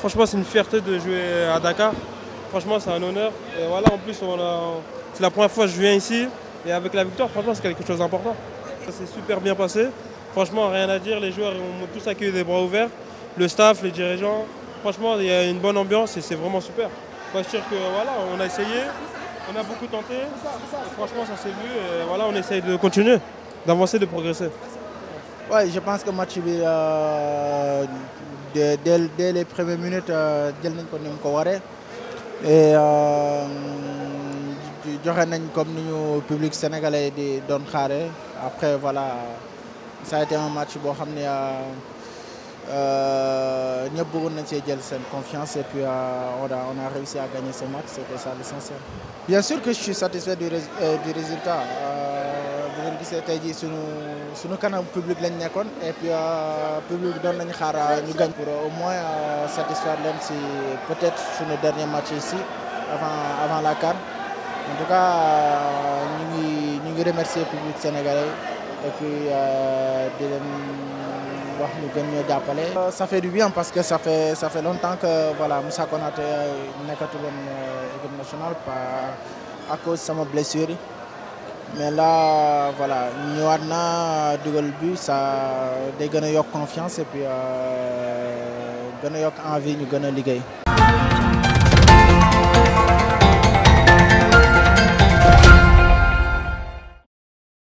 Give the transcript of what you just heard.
Franchement, c'est une fierté de jouer à Dakar. Franchement, c'est un honneur. Et voilà, en plus, c'est la première fois que je viens ici. Et avec la victoire, franchement, c'est quelque chose d'important. Ça s'est super bien passé. Franchement, rien à dire. Les joueurs ont tous accueilli des bras ouverts. Le staff, les dirigeants. Franchement, il y a une bonne ambiance et c'est vraiment super. je sûr que voilà, on a essayé, on a beaucoup tenté. franchement, ça s'est vu. Et voilà, on essaye de continuer, d'avancer, de progresser. Oui, je pense que le match, euh, dès, dès, les premières minutes, euh, et euh, comme nous, le public sénégalais de Don Après, voilà, ça a été un match bon, a nous avons confiance et puis euh, on, a, on, a, réussi à gagner ce match, c'était ça l'essentiel. Bien sûr que je suis satisfait du, euh, du résultat. C'était dit sur suñu suñu kanam public et puis euh, public don nañ euh, ñu pour euh, au moins satisfaire même si peut-être sur le dernier match ici avant avant la carte. en tout cas nous remercions le public sénégalais et puis nous len wax ça fait du bien parce que ça fait ça fait longtemps que voilà Moussa Konaté nekkatu une équipe nationale à cause sa blessure mais là voilà ñëwaat naa dugal bi ça day gën a confiance et puis euh, gën York en envie ñu gën a